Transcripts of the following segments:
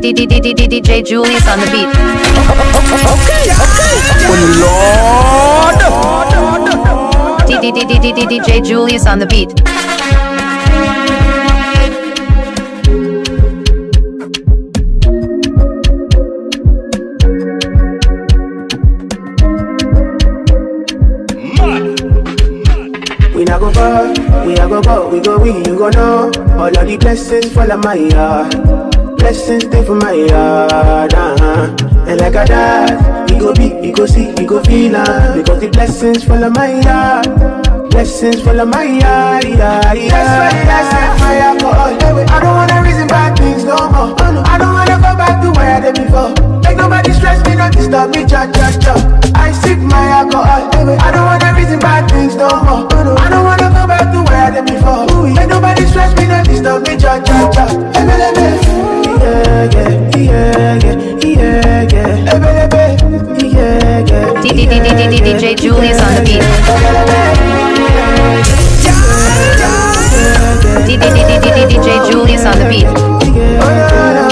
DJ Julius on the beat. Okay, okay. Oh Lord. DJ Julius on the beat. We not go far, we not go far, we go win, you go know All of the blessings fall on my heart Blessings stay for my yard, uh-huh. And like I died, you go be, you go see, you go feel, uh, because the blessings full of my yard. Blessings full of my yard, yeah, yeah. That's why I set fire for all. I don't wanna reason bad things no more. Oh, I don't wanna go back to where I did before. Make nobody stress me, not disturb me, cha cha cha. I sip my alcohol. I don't wanna reason bad things no more. Oh, I don't wanna go back to where I did before. Make nobody stress me, not disturb me, cha cha cha yeah, DJ Julius on the beat. DJ Julius on the beat.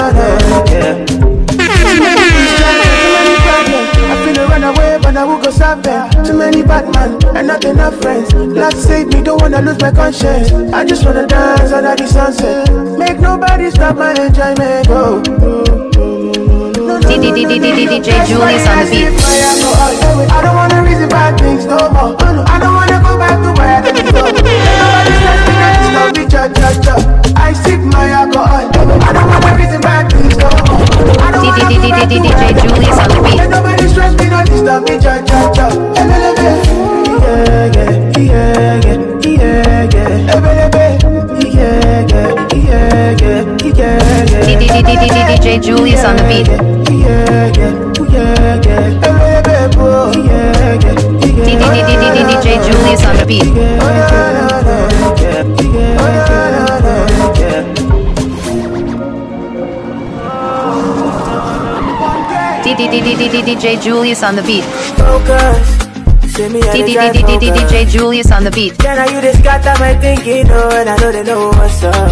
my conscience. I just wanna dance under the sunset. Make nobody stop my enjoyment. Oh. DJ Julius on the beat. I don't wanna reason bad things no more. I don't wanna go back to where I came from. Nobody I sip my alcohol. I don't wanna reason bad things no more. DJ Julius on the beat. Nobody stress me, disturb me, DJ Julius on the beat. Julius on the beat. Julius on the beat. Focus. DJ Julius on the beat. Then I you this got that my thinking on? And I know they know what's up.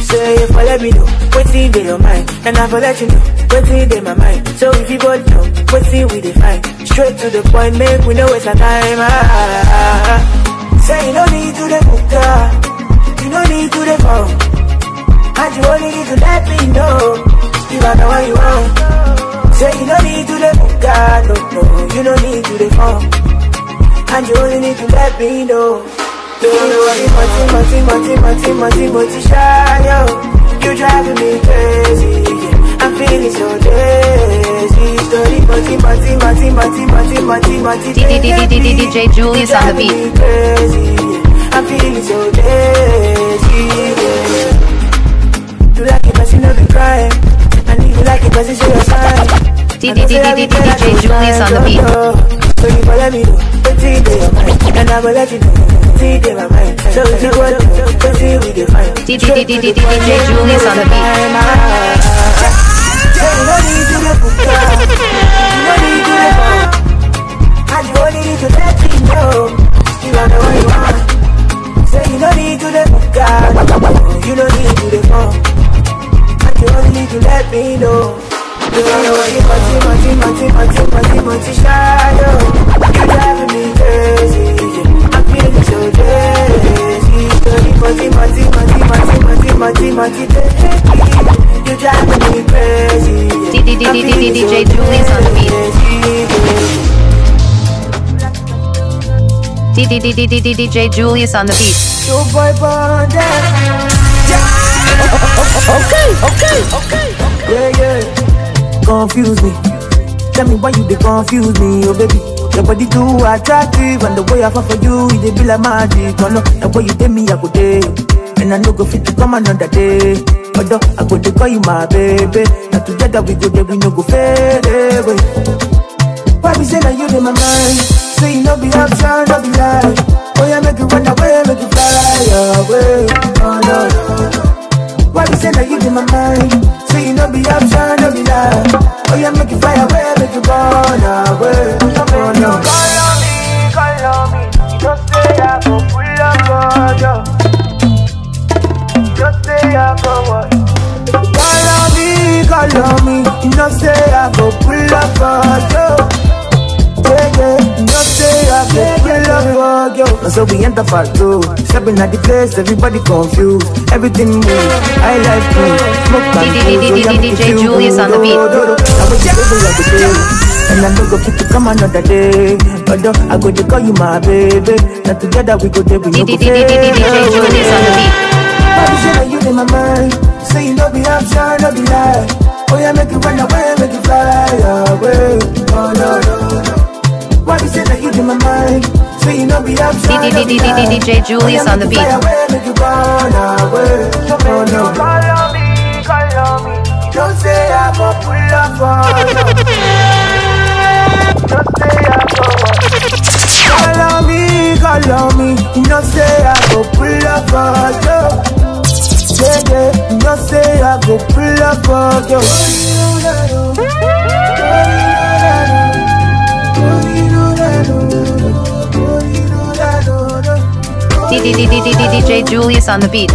Say if I let me know, what's in your mind? And I will let you know, what's in my mind. So if you both know, what's in we define? Straight to the point, make we know it's a time. Ah, ah, ah, ah Say you no need to the book, you no need to the phone. And you only need to let me know If I know what you want Say you don't need to the book, no, no You don't need to the phone and you only need to let me know. DJ Julius on the beat. I'm feeling so You like it, but you know the I need you like it, but your sign. DJ Julius on the beat. So you follow me though, but see they are mine And I will let you know, see they are mine So you see we define DJ Julius on the beat need to need to I just to let know You are the one you want Say you need to You need to I just to let me know D D D D D D D J got on the beat. DJ Julius on the beat. Your boy Okay, okay, okay, okay. Yeah, yeah confuse me. Tell me why you dey confuse me, oh baby. Your body too attractive, and the way I fall for you, it dey be like magic. Oh no, the way you take me, I go day, and I no go fit to come another day. Although I go dey call you my baby, now together we go there, we no go fade away. Why we say that you in my mind? Say you no be option, no be lie. Oh yeah, make you run away, make you fly away. Oh no. no. Why you say that you in my mind? So you know be option, no be lie. Oh yeah, make it fly away, make it burn away. Oh no. Call on me, call on me. You just say I go pull up on you. You just say I go what? Call on me, call on me. You just say I go pull up on you. And so we enter part two. Stepping at the place, everybody confused. Everything moves. I like food. Smoke DJ Julius on the beat. And I know go keep to come another day. But I I'm going to call you my baby. Now together we go there, we no go DJ Julius on the beat. Baby, say that you are in my mind. Say you know be option, no be lie. Oh yeah, make you run away, make you fly away. Oh no no no. Why you say that you are in my mind? DJ Julius on the beat. Don't say I'm a pull up Don't say I'm a me, me Don't say I'm a pull up Yeah, yeah Don't say I'm a pull up DJ Julius on the beat.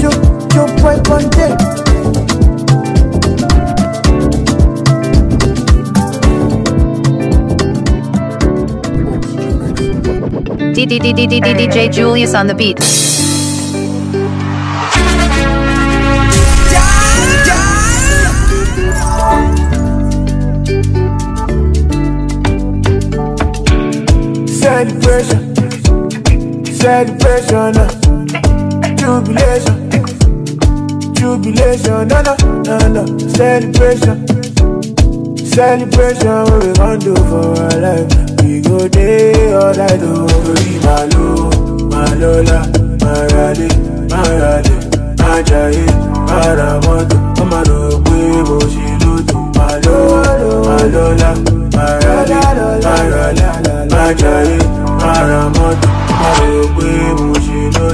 Yo, DJ Julius on the beat. Celebration, no. Uh, jubilation, jubilation, no, no, no, no. Celebration, celebration, what we gon' do for our life? We go day all night, oh. Tori Malo, Malola, Marale, Marale, Ajayi, Maramoto, Mama lo pe mo ṣe lójú. Malo, Malola, Marale, Marale, Ajayi, Maramoto.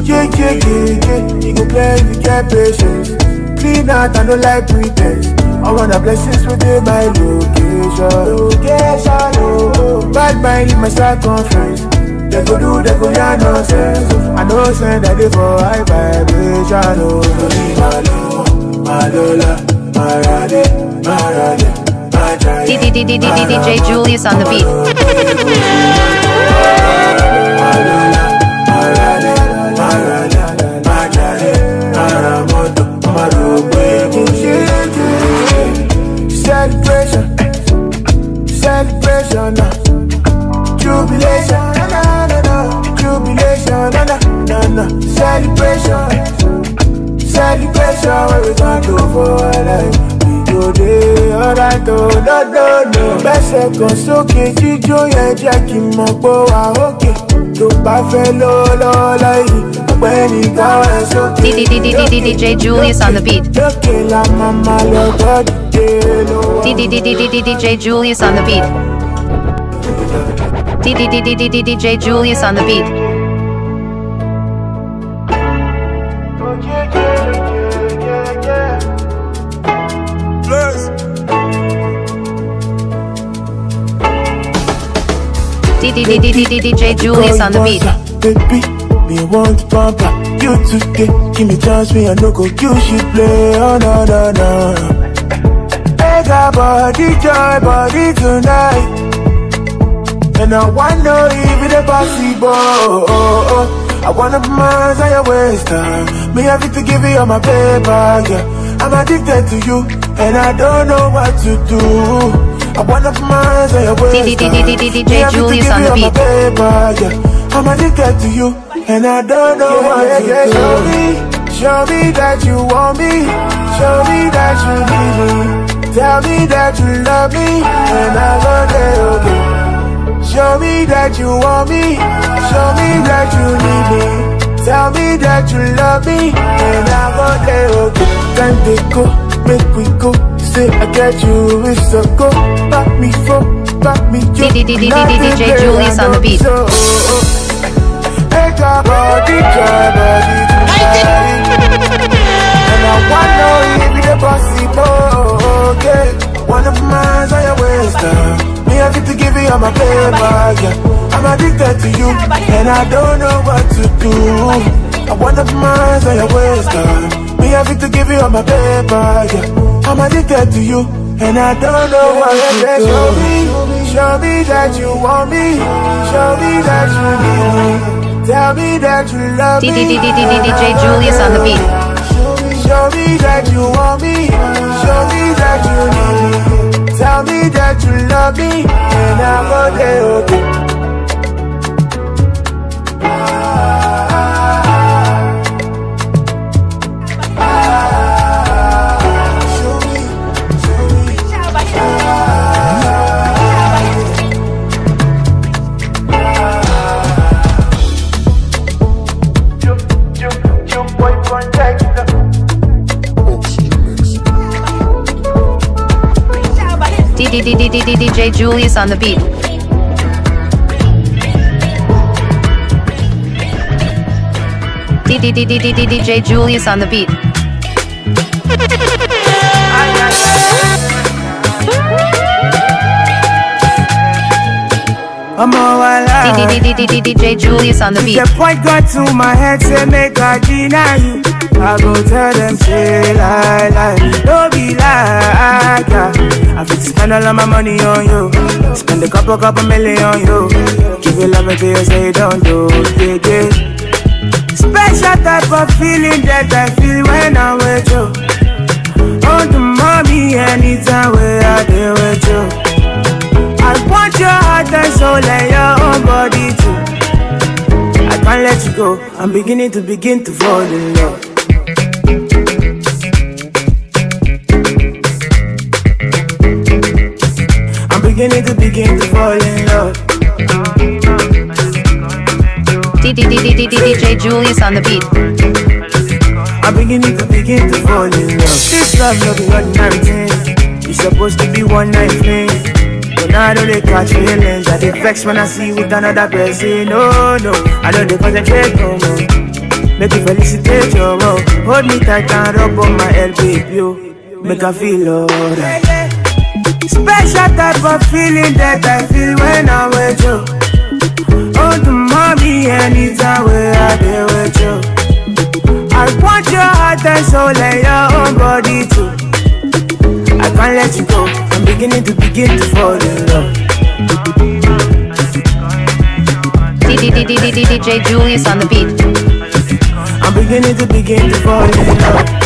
Yeah, yeah, yeah, yeah. You go play if patience. Clean out, I don't like pretense. I want the blessings within my location. Location, oh. Bad mind in my circumference. They go do, they go yarn nonsense. I know send that for high vibration, oh. Malo, Malola, Marade, Marade, Marade. DJ Julius on the beat. sẹ́kàn jíjó jẹ́ kí mọ̀ wà òkè tó bá fẹ́ ní Julius on the beat. lókè la Julius on the beat. DDDDDDJ Julius on the beat. DJ Julius on the beat. Baby, me want pamper. You today, give me chance, me I no go. You should play, oh na na na. Mega body, joy body tonight. And I wonder if it's possible. Oh, oh, oh. I wanna put my hands your waist, uh. Me have to give you all my paper, yeah. I'm addicted to you, and I don't know what to do. I wanna put my hands on your DJ Julius on the beat I'm addicted to you And I don't know what to do Show me, show me that you want me Show me that you need me Tell me that you love me And I Show me that you want me Show me that you need me Tell me that you love me And I'm okay go make we go. say I get you, it's a go. Back me for, back me you. DJ Julius on the beat. Oh, oh. Make our body dry, body And I wanna if it's possible, okay? One of mine's on your waist, uh. Me, I get to give you all my paper, yeah. I'm addicted to you, and I don't know what to do. I want the minds on your waist, uh. Me having to give you all my paper, yeah I'm addicted to you And I don't know why you yeah, show me, show me that you want me Show me that you need me Tell me that you love me DJ Julius on the beat Show me that you want me Show me that you need me Tell me that you love me And I'm okay, okay DJ Julius on the beat. DJ Julius on the beat. I'm all DJ Julius on the beat. point got to my head, say make I deny you. I go tell them say lie lie, be I fit spend all of my money on you. Spend a couple, couple million on you. Give you love until you say you don't do. Yeah, yeah. Special type of feeling that I feel when I'm with you. On to mommy anytime where I deal with you. I want your heart and soul and your own body too. I can't let you go. I'm beginning to begin to fall in love. beginning to begin to fall in love. D D D D D D J Julius on the beat. I'm beginning to begin to fall in love. This love no be ordinary thing. It's supposed to be one night thing. But now I do they catch feelings. I vex when I see with another person. No, no, I know not they concentrate no more. Make you felicitate your world. Hold me tight and rub on my elbow, baby. Make I feel alright. Special type of feeling that I feel when I'm with you. Oh, the mommy, anytime where I be with you. I want your heart and soul and your own body too. I can't let you go. I'm beginning to begin to fall in love. DJ Julius on the beat. I'm beginning to begin to fall in love.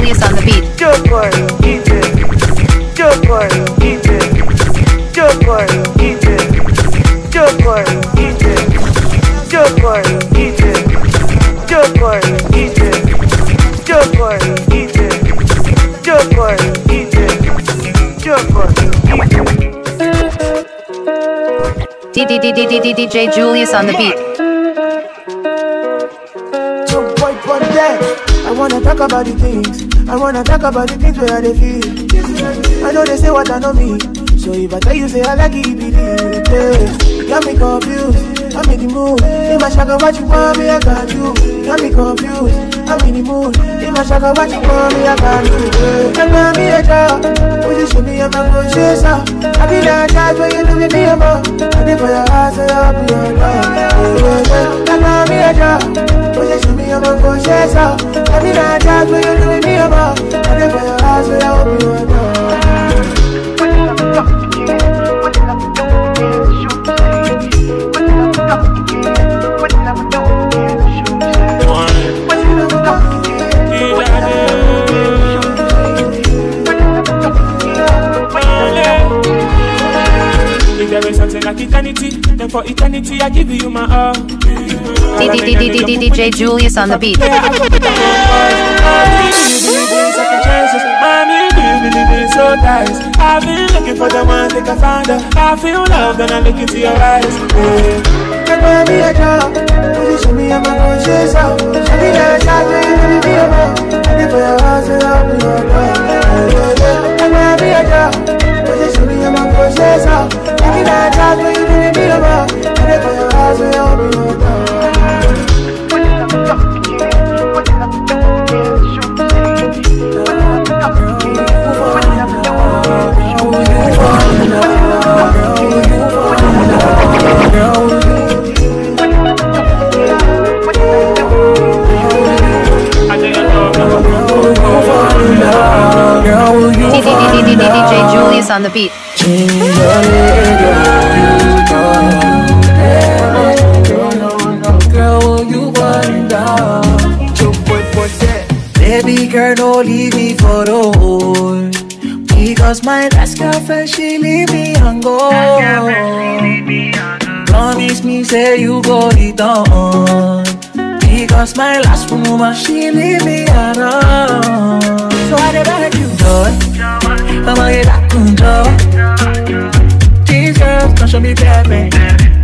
Genius on the beat. Jump for it, keep it. Jump for it, dj it. Jump for it, dj it. Jump for it, dj it. Jump for it, dj it. Jump for it, dj it. Jump for it, dj it. Jump for it, dj it. Jump for it, keep it. DJ Julius on the beat. Jump, boy, boy, I wanna talk about the things I wanna talk about the things where they feel. I know they say what I know me. So if I tell you, say I like it, believe it. Yeah. Got me confused. I'm in the mood. In my shaka, what you want me, I got you. Got me confused. I'm in the mood. In my shaka, what you want me, I got you. Yeah. me a job. I'm not gonna chase out. I be that guy you look at me, I'm I for your eyes, I'll be your love. me a job. Will you show me your mouth for shares out? I mean, I doubt what you doing me about. I live for your house, so you There is something like eternity, then for eternity I give you my all. DJ Julius on the beat. So nice. I've been looking for the one that I found her. I feel love when I look into your eyes. Yeah. a Will you show me how my conscience out? Show me that be a Will you show me how my conscience out? Show me that be Emily's on the beat. Baby girl, don't leave me for the whole. Because my last girlfriend, she leave me and go. Promise me, say you go return. Because my last woman, she leave me alone. So I did beg you, Lord. I Somebody that can go. These girls don't show me different.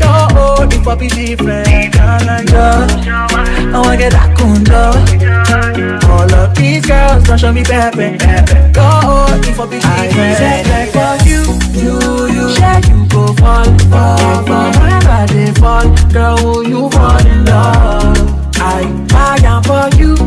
Don't if I be different. I wanna get that kundo. All of these girls don't show me pepe. Don't hold me be different. I for you, you, you. Share you go fall, fall, fall. Whenever they fall, girl, will you fall in love? I, I am for you.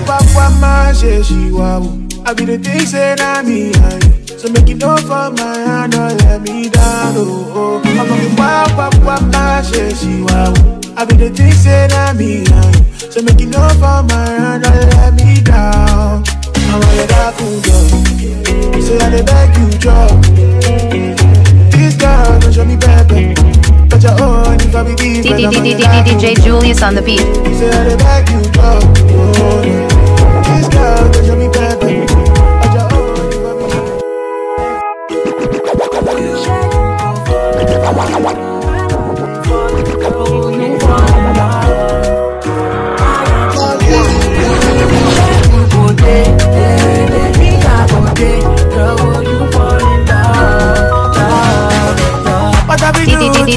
want my shit, she wow. I be the thing saying I'm me, so make it up for my hand, don't let me down. Oh, oh. I'm going wow, wow, wow, my shit, she wow. I be the thing saying I'm me, so make it up for my hand, don't let me down. I want it up, girl. So I dey beg you, drop. This girl don't show me better. DJ Julius on the beat.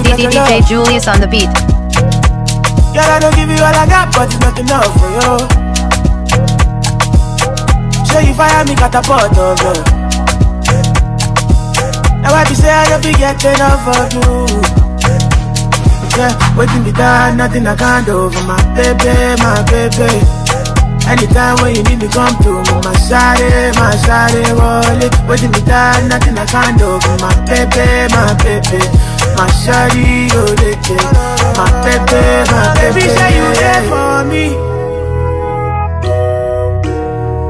DJ Julius on the beat. Girl, I don't give you all I got, but it's not enough for you. Show you fire me, got a catapult of girl. Now I be say I don't be getting off of you. Yeah, waiting be done, nothing I can't do for my baby, my baby. Anytime when you need me, come to me. My shawty, my shawty, roll it. Waiting me down, nothing I can do. for My baby, my baby. My shawty, you leke My pepe, my pepe Baby, say you there for me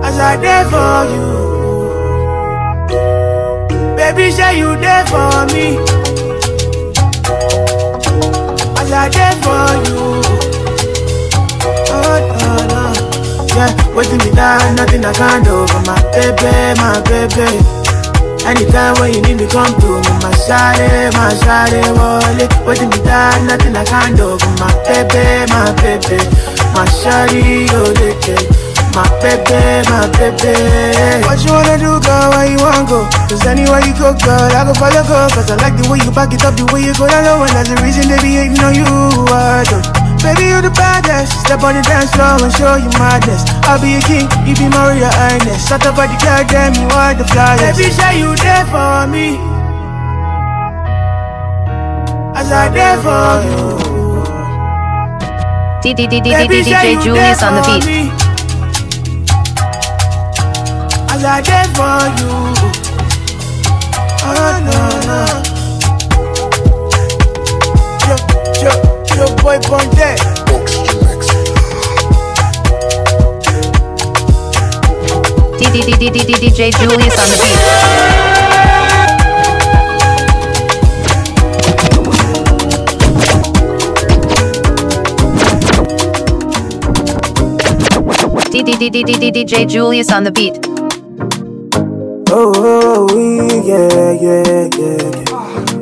As I there for you Baby, say you there for me As I there for you Oh, no, no Yeah, waiting me down, nothing I can do For my baby, my baby Anytime when you need me, come to me. My shawty, my shawty, wallet. Waiting you that, nothing I can do. My baby, my baby. My shawty, oh, legit. My baby, my baby. What you wanna do, girl? Where you wanna go? Cause anywhere you go, girl, I go follow, girl. Cause I like the way you back it up, the way you go down low. And that's the reason they be hating on you. I don't. Baby, you the baddest. Step on the dance floor and show you my best. I'll be a king, you be Maria highness. Shut up by the car, damn, you are the flyest. Baby, say you there for me. As I there for you. DJ Julius on the beat. As I there for you. Oh, no, no. your boy Bon DJ Julius on the beat. DJ Julius on the beat. Oh, oh yeah, yeah, yeah, yeah.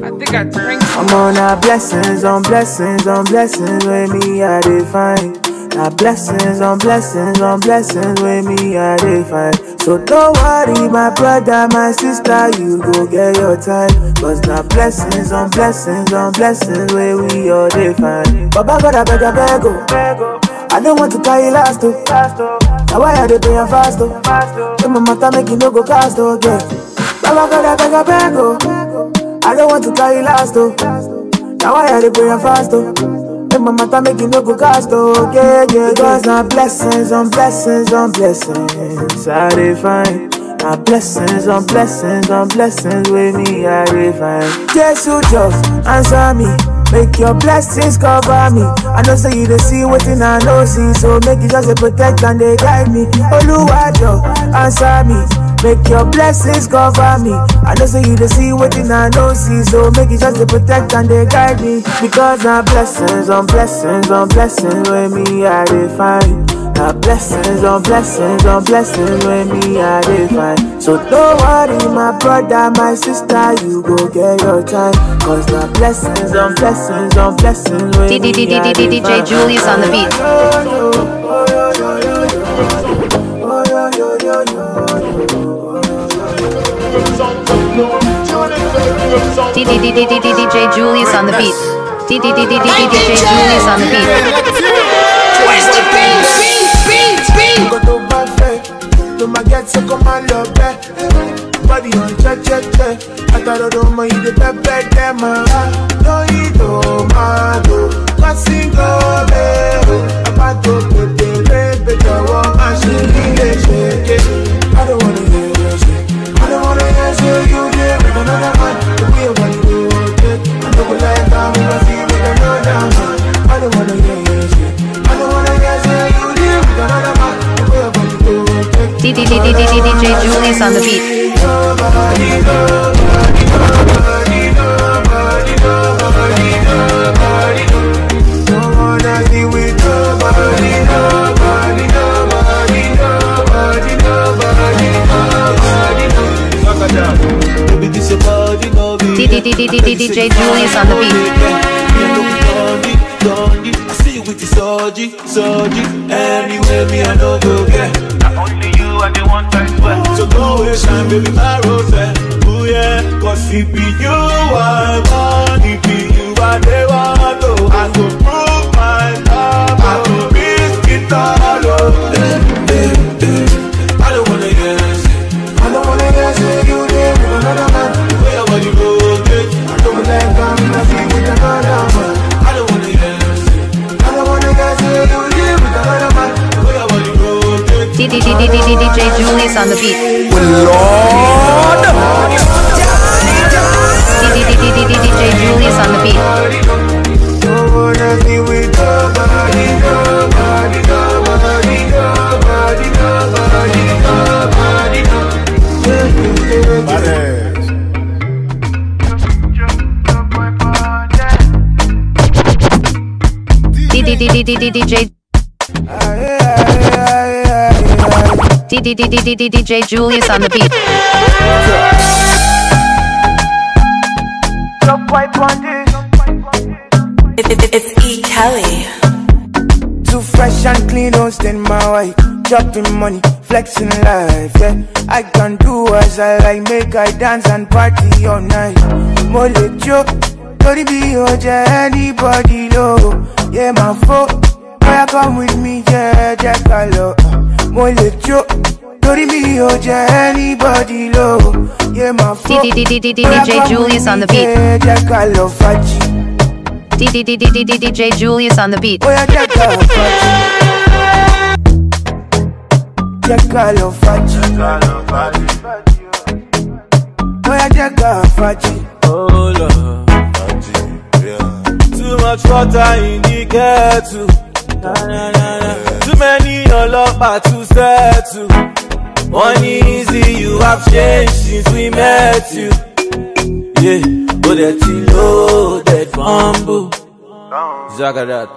I think I drink. I'm on a blessings, on blessings, on blessings with me, I define. Now blessings on blessings on blessings with me I define. So don't worry, my brother, my sister, you go get your time. Cause now blessings on blessings on blessings where we all define. Baba God, I beg, I beg, oh. I don't want to carry last though. Now why are they paying fast though? my mother make you no go cast though, yeah. Baba God, I beg, I beg, oh. I don't want to carry last though. Now I had to pray and fast though. Make my matter make it no go cast though. Yeah, yeah. Because now blessings on blessings on blessings. I define. Now blessings on blessings on blessings with me I define. Jesus, just answer me. Make your blessings cover me. I know say you don't see what in I know see. So make you just a protect and they guide me. Oluwajo, answer me. Make your blessings cover me. I know so you the see what in I know see. So make it just to protect and they guide me. Because now blessings on blessings on blessings when me I define. Now blessings on blessings on blessings when me I define. So don't worry, my brother, my sister, you go get your time. Cause now blessings on blessings on blessings when me I define. DJ Julius on the beat. DJ Julius on the beat. DJ Julius on the beat. Twist the beat, beat, beat, Go to buffet, to my get sick on my love Body on cha cha cha. I thought I don't mind the pepe dema. No he do ma do. Kasingo bebo. Abato pete rebe kawa. Ashiri le sheke. with another man The way when you hold I with another man I don't wanna hear you I don't wanna hear say you live with another man The way DJ Julius on the beat J. Julius on the beat. Anywhere me, I know go get. Only you are the one I swear. So go shine, baby, my rose. yeah. Cause you, you, DJ Julius on the beat. Lord. DJ Julius on the beat. No one has me with nobody, nobody, nobody, nobody, nobody, nobody, nobody. DJ DJ Julius on the beat. it's E. Kelly. Too fresh and clean, don't oh, stand my way. Dropping money, flexing life, yeah. I can do as I like, make I dance and party all night. Mole Joe, don't be your anybody low. Yeah, my foe. Oya come with me, jẹ́ jẹ́ ká lọ. Mo lè jó torí mi ò jẹ́ anybody lọ. Yé máa fọ́. DJ Julius on the beat. Jẹ́ jẹ́ ká lọ fàájì. DJ Julius on the beat. Oya jẹ́ ká lọ fàájì. Jẹ́ ká lọ fàájì. Jẹ́ ká lọ fàájì. Oya jẹ́ ká fàájì. Oh Lord. Too much water in the kettle. Too many ọlọ́pàá to settle. One easy you have changed since we met you. Yeah, ó dẹ̀ ti loaded fumble. Zagadat.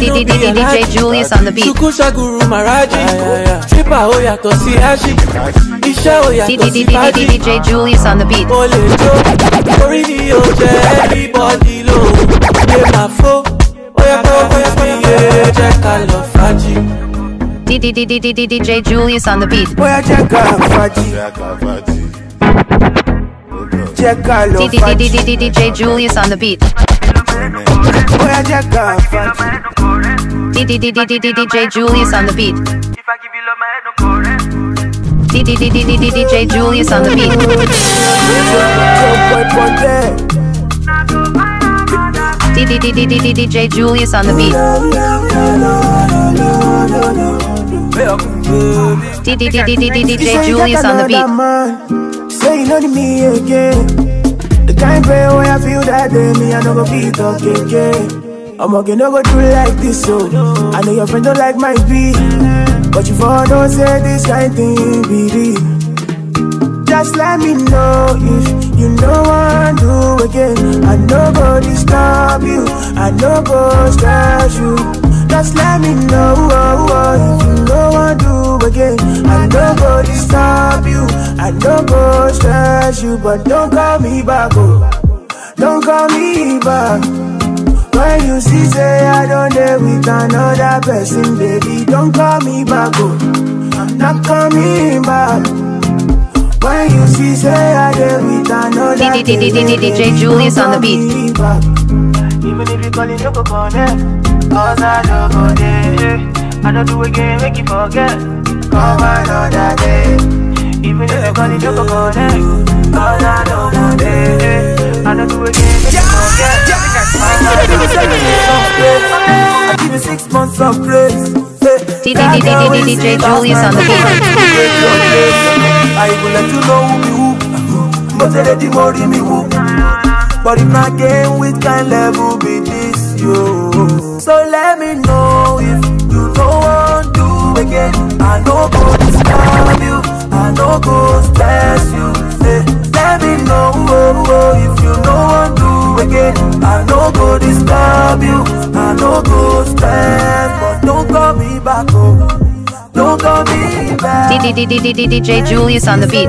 you know DJ Julius on the beat. Sukusha Ashi. DJ Julius on the beat. everybody D D D D D D J Julius on the beat. D D D D D D J Julius on the beat. D D D D D D J Julius on the beat. D D D D D D J Julius on the beat. DJ Julius on the beat. DJ Julius on the beat. Say you know me again. The kind of way I feel that day, me I no go be talking again. I'm okay, no go do like this, so I know your friend don't like my beat. But you for don't say this kind thing, be just let me know if you know I do again. I nobody stop no go stress you. Just let me know you know I do again. I no go disturb you. I go stress you, but don't call me back. Oh. Don't call me back. When you see say I don't date with another person, baby, don't call me back. Oh. I'm not coming back. When you see say I with another DJ Julius on the beat even if you call it, no go connect. Cause I don't go there. I don't do again, make you forget. Come another day. Even if you call it, no go connect. Cause I don't go there. I don't do again, make you forget. I give you six months of grace. DJ Julius on the beat. I will let you know who be who. But they let the worry me who. But if not game with kind level be this yo So let me know if you don't want to again I no go disturb you, I no go stress you hey, Let me know oh, oh, if you don't want to again I no go disturb you, I no go stress But don't call me back oh, don't call me back DJ Julius on the beat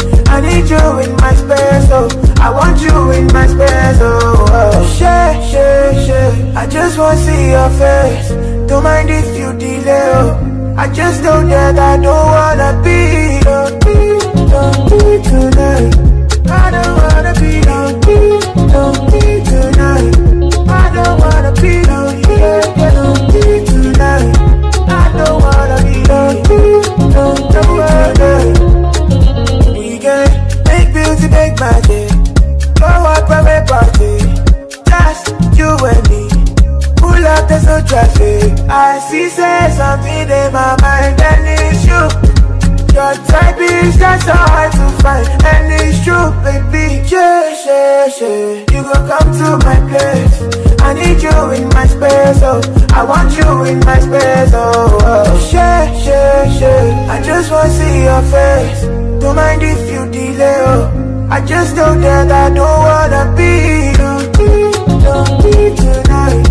I need you in my space, oh I want you in my space, oh, oh. Share, share, share I just wanna see your face Don't mind if you delay, oh I just know that I don't wanna be Don't be, don't be tonight I don't wanna be, don't be, don't be tonight I don't wanna be, don't be, don't be tonight I don't wanna be, don't don't be tonight cafe. I see something in my mind and it's you. Your type is just so hard to find and it's true, baby. Yeah, yeah, yeah. You go come to my place. I need you in my space, oh. I want you in my space, oh. oh. Yeah, yeah, yeah. I just wanna see your face. Don't mind if you delay, oh. I just know that I don't wanna be don't be, Don't be tonight.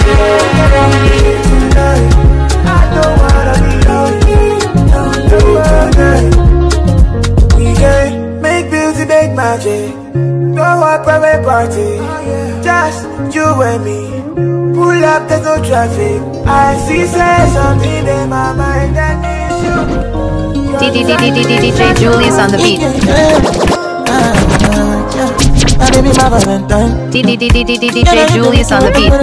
party Just you and me Pull up, there's no traffic I see say something in my mind that needs you DJ Julius on the beat DJ Julius on the beat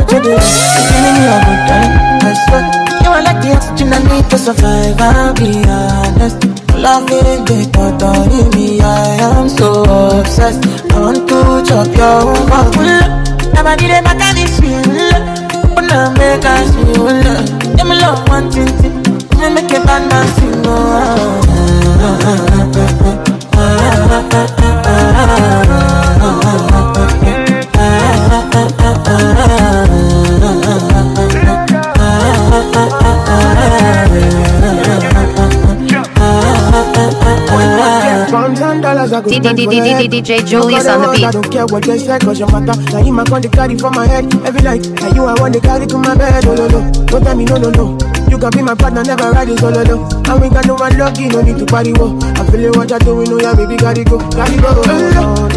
You are like the oxygen I need to survive, I'll be honest Laughing, they thought on me. I am so obsessed. want to chop your own bubble. Never did a mechanism. Wanna make us feel. Them love one thing. make a bad man sing. DJ Julius on the beat. I don't care what they say cause your matter. Now you my con the carry for my head every night. Now you I want the carry to my bed. Oh no no, don't tell me no no no. You can be my partner, never ride it solo though. And got no one lucky, no need to party wo. I feel it what you're doing, oh yeah, baby, gotta go, gotta go.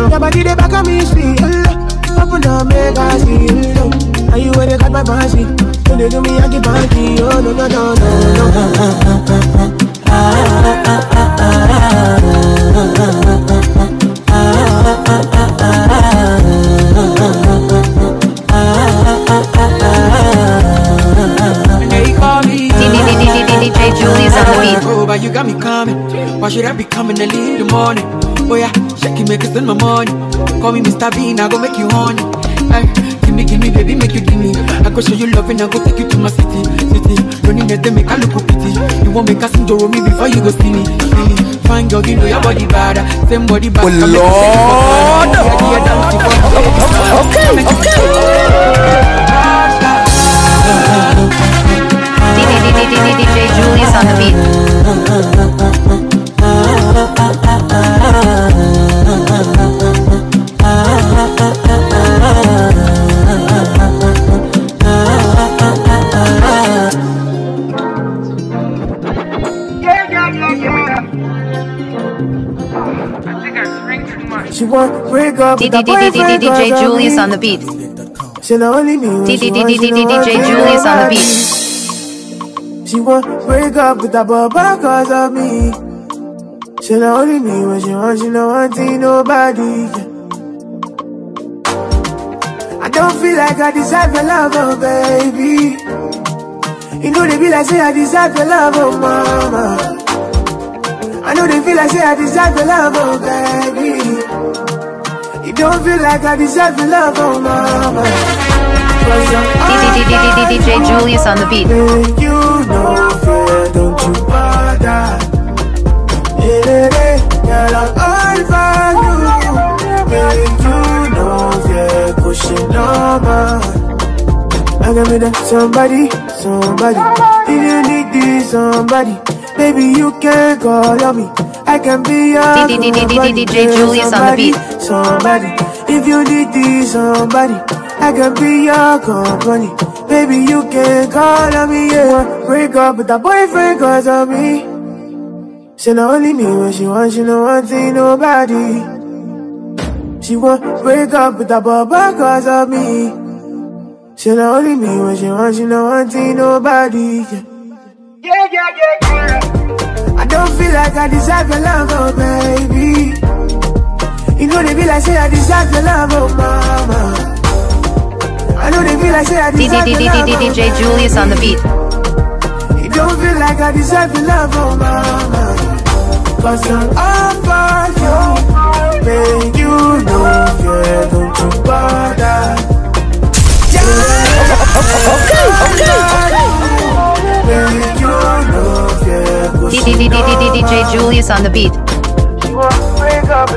Your body they back on me, see. Oh, open up, make I see. Oh, you where they got my fancy? Don't they do me I give party? Oh no no no no no. Oh, you got me coming. Why should I be coming early in the morning? Oh yeah, shake it, make it spend my money. Call me Mr. Bean, I go make you honey. Hey gimme, gimme, baby, make you gimme. I go show you love and I go take you to my city, city. Running at them, make I look You won't make a before you go see me, see me. you know your body bad, same body bad. Oh Lord, okay, okay. okay. DJ Julius on the beat. Uh, uh, uh, boy, break up DJ Julius on the beat. DJ Julius on the beat. She won't break up with that boy because of me. She'll only me when she wants, she no want nobody. I don't feel like I deserve your love, oh baby. You know they feel like say I deserve your love, oh mama. I know they feel like say I deserve your love, oh baby. Don't feel like I deserve love, oh mama DJ Julius on the beat you know, fear, don't you bother Girl, I'm all for you Make you no fear, pushing normal I got me that somebody, somebody If you need this somebody Baby, you can call on me I can be your DJ Julius on the beat. Somebody, if you need this, somebody, I can be your company. Baby, you can call on me, yeah. Break up with that boyfriend cause of me. She not only me when she wants, she no want see nobody. She won't break up with that baba cause of me. She not only me when she wants, she no want see nobody. Yeah, yeah, yeah, yeah. yeah don't feel like I deserve your love, oh baby. You know they feel like say I deserve your love, oh mama. I know they feel like say I deserve your love, oh DJ Julius on the beat. You don't feel like I deserve your love, oh mama. Cause I'm all for you. Make you know, yeah, don't you bother. Yeah. Okay, okay. DJ Julius on the beat. She to up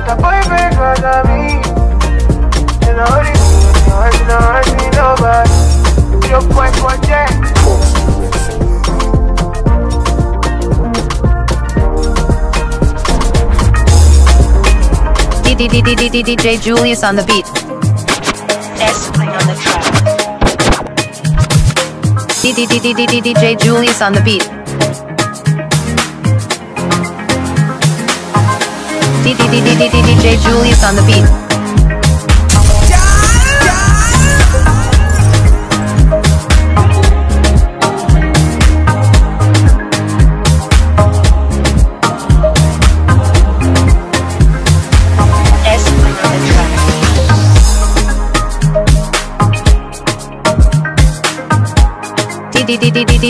DJ Julius on the beat. Esplay on the track. DJ Julius on the beat. DJ Julius on the beat.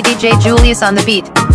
DJ Julius on the beat.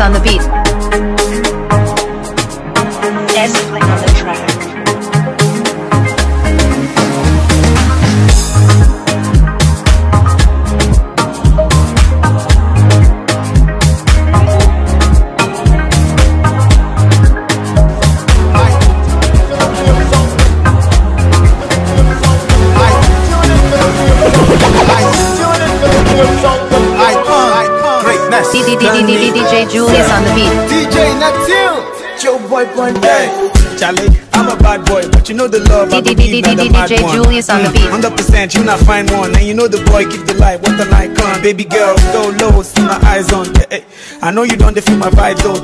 on the beat. Hey, Charlie, I'm a bad boy, but you know the love I believe that the mad Julius on the mm, beat. 100%, you not find one, and you know the boy keep the light. What the an icon, baby girl, go low, see my eyes on. Hey, eh. I know you don't feel my vibe though,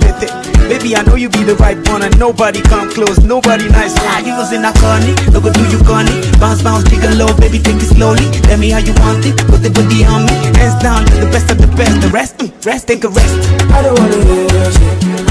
baby. I know you be the right one, and nobody come close, nobody nice. Like ah, you was in a corny, look go do you corny. Bounce, bounce, take a low, baby, take it slowly. Tell me how you want it, put the booty on me. Hands down, the best of the best. The rest, mm, rest, take a rest. I don't wanna hear shit.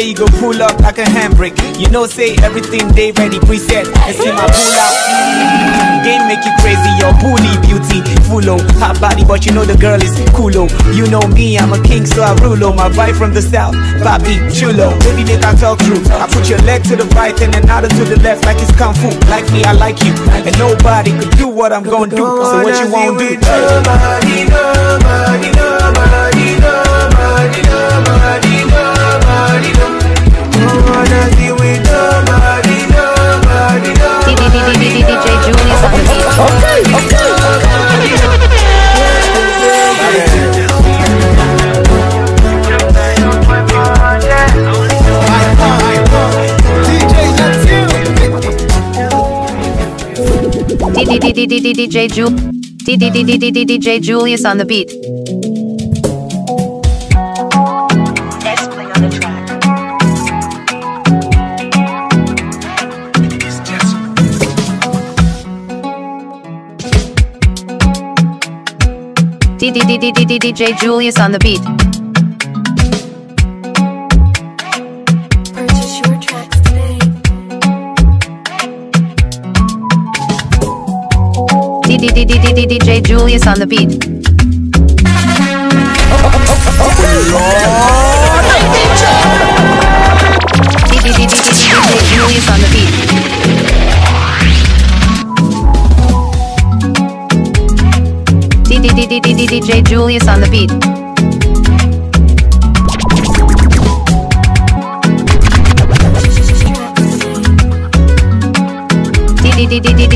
you go pull up like a handbrake. You know, say everything they ready preset. And see my pull out. Game make you crazy, your bully beauty. Full of hot body, but you know the girl is cool. -o. You know me, I'm a king, so I rule. -o. My wife from the south, Bobby Chulo. Baby, make I talk through. I put your leg to the right and another to the left, like it's kung fu. Like me, I like you. And nobody could do what I'm gonna do. So what you wanna do? Nobody, nobody, nobody, nobody, nobody. Honestly, with DJ Julius on the beat. Okay, okay. DJ Julius on the beat. D D D D D D J Julius on the beat. Purchase your tracks today. DJ Julius on the beat. DJ Julius on the beat. DJ Julius on the beat.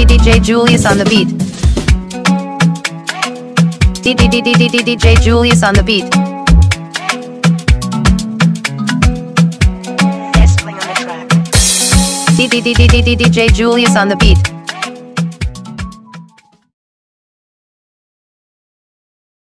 DJ Julius on the beat. DJ Julius on the beat. DJ Julius on the beat.